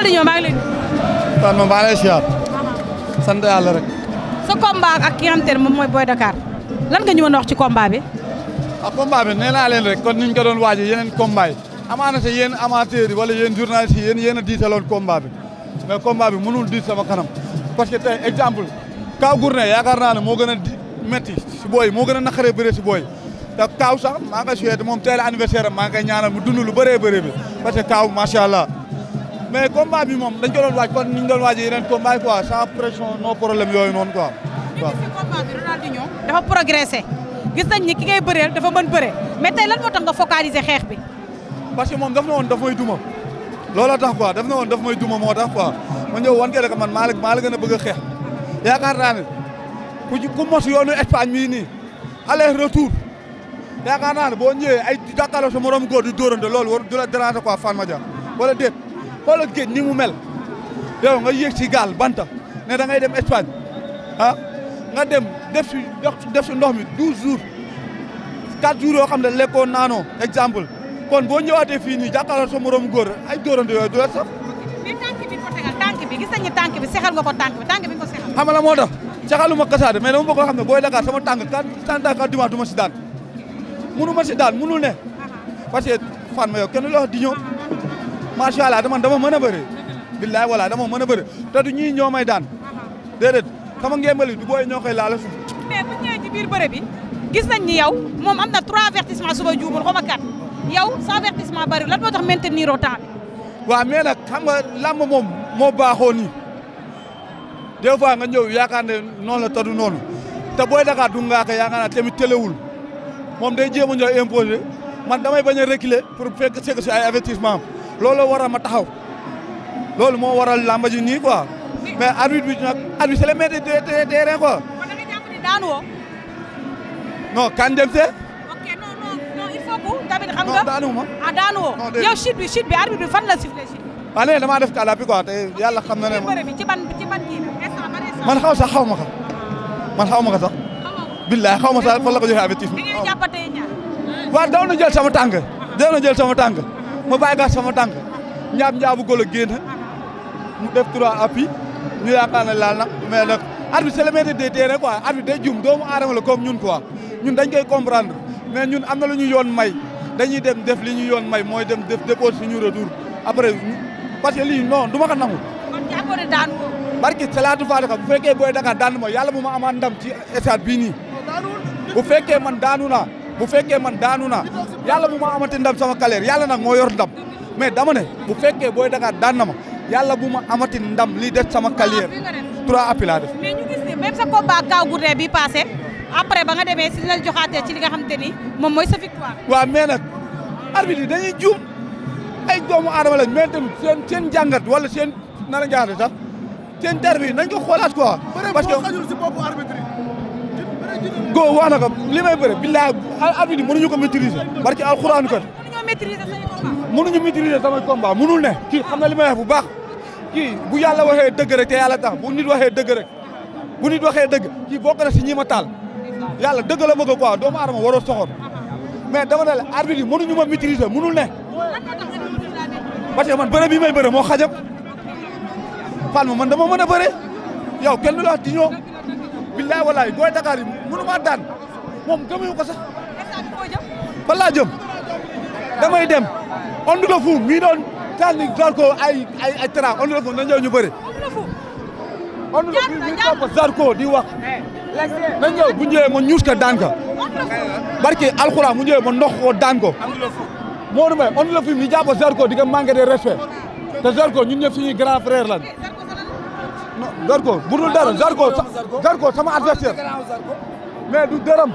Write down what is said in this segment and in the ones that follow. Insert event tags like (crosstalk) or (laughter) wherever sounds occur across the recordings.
Ronaldinho maa ma maa ngi lay siyaar. sant yàlla rek. sa combat ak ki nga xamante ne moom mooy Boy Dakar lan nga ñu mën a wax ci combat bi. ah combat bi nee naa leen rek kon ni ñu ko doon waajee yeneen combat yi amaana te yen amateurs yi wala yéen journalistes yi yéen yéen a diisaloon combat bi mais combat bi mënul diis sama kanam parce que tey exemple Kaaw Gourné yaakaar naa ne moo gën a métti si booy moo gën a naqaree bëree si booy te Kaaw sax maa ngi koy moom tey la anniversaire am maa ngi koy ñaanal lu bëree bëree parce que Kaaw macha allah. mais combat bi moom dañ ko doon waaj kon ni ñu doon waaj yeneen combat yi quoi sans pression non problème yooyu noonu quoi. waaw gis gis nañ ni ki ngay bëreel dafa mën bëre mais tey lan moo tax nga focaliser xeex bi. parce que moom daf na woon daf may duma looloo tax quoi daf na woon daf may duma moo tax quoi ma ñëw wan kee man maa la maa la gën a bëgg a xeex yaakaar naa ne ku ci ku mos yoonu Espagne mii nii aller retour yaakaar naa ne boo ñëwee ay jàkkaarloo sa morom góor di war du la déranger quoi Fan Madia xoolal géej ni mu mel yow nga yéeg ci gaal banta ne da ngay dem Espagne ah nga dem def si def si ndox mi douze jours quatre jours yoo xam ne lekkoo naanoo exemple kon boo ñëwaatee fii nii jàkkaarloo sa moroom góor ay dóorante yooyu du la sax. mais tànk bi ko tegal tànk tànk tànk bi tànk bi nga ko sexal. moo tax sexaluma kasaade mais dama bëgg a xam ne booy Dakar sama tànk quatre cent quatre dimanche du ma si daan mënu ma si daan mënul ne ah ah. parce que fan ma yow kenn loo di ñëw. macha allah dama dama mën a bëri. billaay walaay dama mën a bëri te du ñii ñoo may daan. déedéet sama ngembal yi du booy ñoo koy laal suuf. mais bu ñëwee bëre bi gis nañ ni yow moom am na a avertissement suba juumul xaw ma kat yow sa avertissement bëri lan moo tax maintenir au temps bi. waaw mais nag xam nga làmb moom moo baaxoo nii des fois nga ñëw yaakaar ne noonu la tadu noonu te booy Dakar du ngaa ko yaakaar naa tamit tëlewul moom day jéem a ñëw man damay bañ a pour ay avertissement looloo waral ma taxaw loolu moo waral làmba ji nii quoi mais arbitre bi nag arbitre c'est le maître du terrain quoi. kan dem see. ok ma ah, bi chute bi arbitre bi fan la sifflé chute. waaw ah, def kàllaa bi yàlla xam na ne ma. man xaw sax xaw ma ko man xaw ma ko sax. billaay xaw ma sax fan la ko joxee avertissement. waaw sa na jël sama tànk. Ah. daw na jël sama ma bàyyi ko sama tànk njaab njaabu golo génn mu def trois appui ñu yaakaar ne laal na mais nag arbitre c'est le maître des terrains quoi arbitre day jum doomu aadama la comme ñun quoi ñun dañ koy comprendre mais ñun am na lu ñu yoon may dañuy dem def li ñu yoon may mooy dem def dépôt suñu retour après parce que lii non du ma ko nangu. kon jàppoo ne daan salaatu faatiha bu fekkee booy Dakar daan ma yàlla bu ma amaat ndam ci stade bii nii. Oh, bu fekkee man daanu naa. bu fekkee man daanu naa yàlla bu ma amati ndam sama carrière yàlla nag moo yor ndam mais dama ne bu fekkee Boy Dakar daan na ma yàlla bu ma amati ndam li de sama carrière trois a laa def. mais ñu gis ne même sa combat Kaw Gourdin ba nga demee si la joxaatee ci li nga xamante ni moom mooy sa victoire. waaw mais nag arbitre yi dañuy juum ay doomu aadama la mais tamit seen seen jàngat wala seen nar a jàngat sax seen der bi nañ ko xoolaat quoi. parce que xajul si bopp góor wax na ko li may bëre billaay arbitre bi mënuñu ko maîtriser barki alxuraanu kat mënuñu maîtriser samay combat mënul ne kii xam na li may bu baax kii bu yàlla wa dëgg rek te yàlla tax bu nit waxee dëgg rek bu nit waxee dëgg kii boo na si ñi ma taal yàlla dëgg la bëgg quoi doomu aadama waroo soxor mais dama ne la arbitre yi mënuñu ma maîtriser mënul ne parce que man bëre bi may bëre moo xajab Palma man dama mën a bëre yow kenn du la wax di ñoo billaay walaay booy Dakar yi mënu maa daan moom gëmuñu ko sax. fan laa jëm damay dem ondu la fu mii doon taal ni ko ay ay ay fu na ñëw ñu bëri. ondu la fu mii topp Zarko di wax na ñëw bu ñëwee ma ñuus ko daan ko barki alxuraan mu ñëwee ma ndox ko daan ko moo du may ondu la fu mii jàpp Zarko di ko manqué de respect te Zarko ñun ñëpp suñuy grand frère lan non Zarko budul dara Zarko Zarko sama adversaire mais du dërëm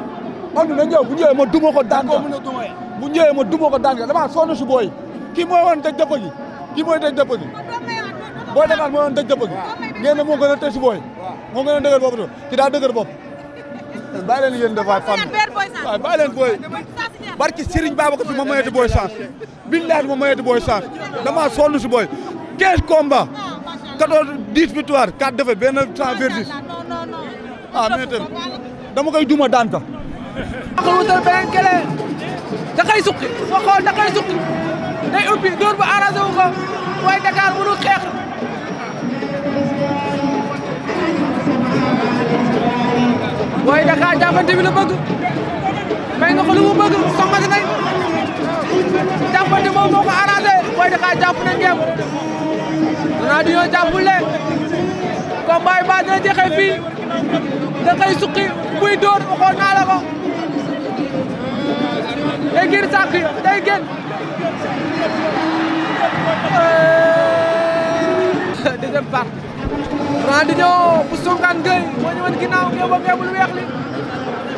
on na ñëw bu ñëwee ma duma ko daan ko eh. bu ñëwee ma duma ko daan ko dama sonn si booy kii mooy woon dëj dëpp gi kii mooy dëj dëpp gi booy dagaat mooy woon dëj dëpp gi ngeen moo gën a si booy moo gën a dëgër bopp ci daa dëgër bopp bàyyi leen yéen dafa fan waaw bàyyi leen booy barki Serigne Babacar si ma mayeti booy chance billahi ma mayeti booy chance dama sonn si booy quinze combat 14 10 victoire 4 défaites benn sans verdict ah mais tamit dama koy duma daan ka. waxal wutal beneen kële da koy suqi waxoon da koy suqi day ubbi dóor bu arrangé wu ko waaye Dakar mënu xeex. waaye la bëgg may nga ko lu bëgg songati nañ jàppante moom moo ko arrangé waaye Dakar jàpp na ngeem. Ronaldinho jàppule combat ba dina jexe fii da koy suqi buy dóor waxoon naa la ko day gën sàkk day gën eh, deuxième partie Ronaldinho bu sunkaan gëy moo ñëwoon ginnaaw ngeen bëggee bul weex li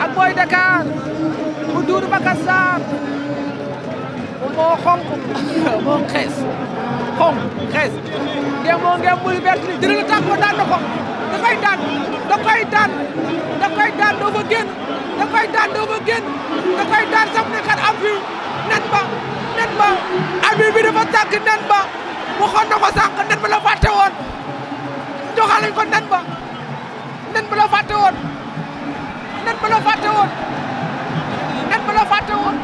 ak Boy Dakar bu duur Bakar Sarr moo xonk (laughs) moo xees xonq xees ngeen moo ngeen muy vert li ko daan na ko da koy daan da koy daan sam ne xat am fi nen ba nen ba abi bi dafa nen ba waxoon nen ba la woon joxal nen ba nen ba la woon nen ba la woon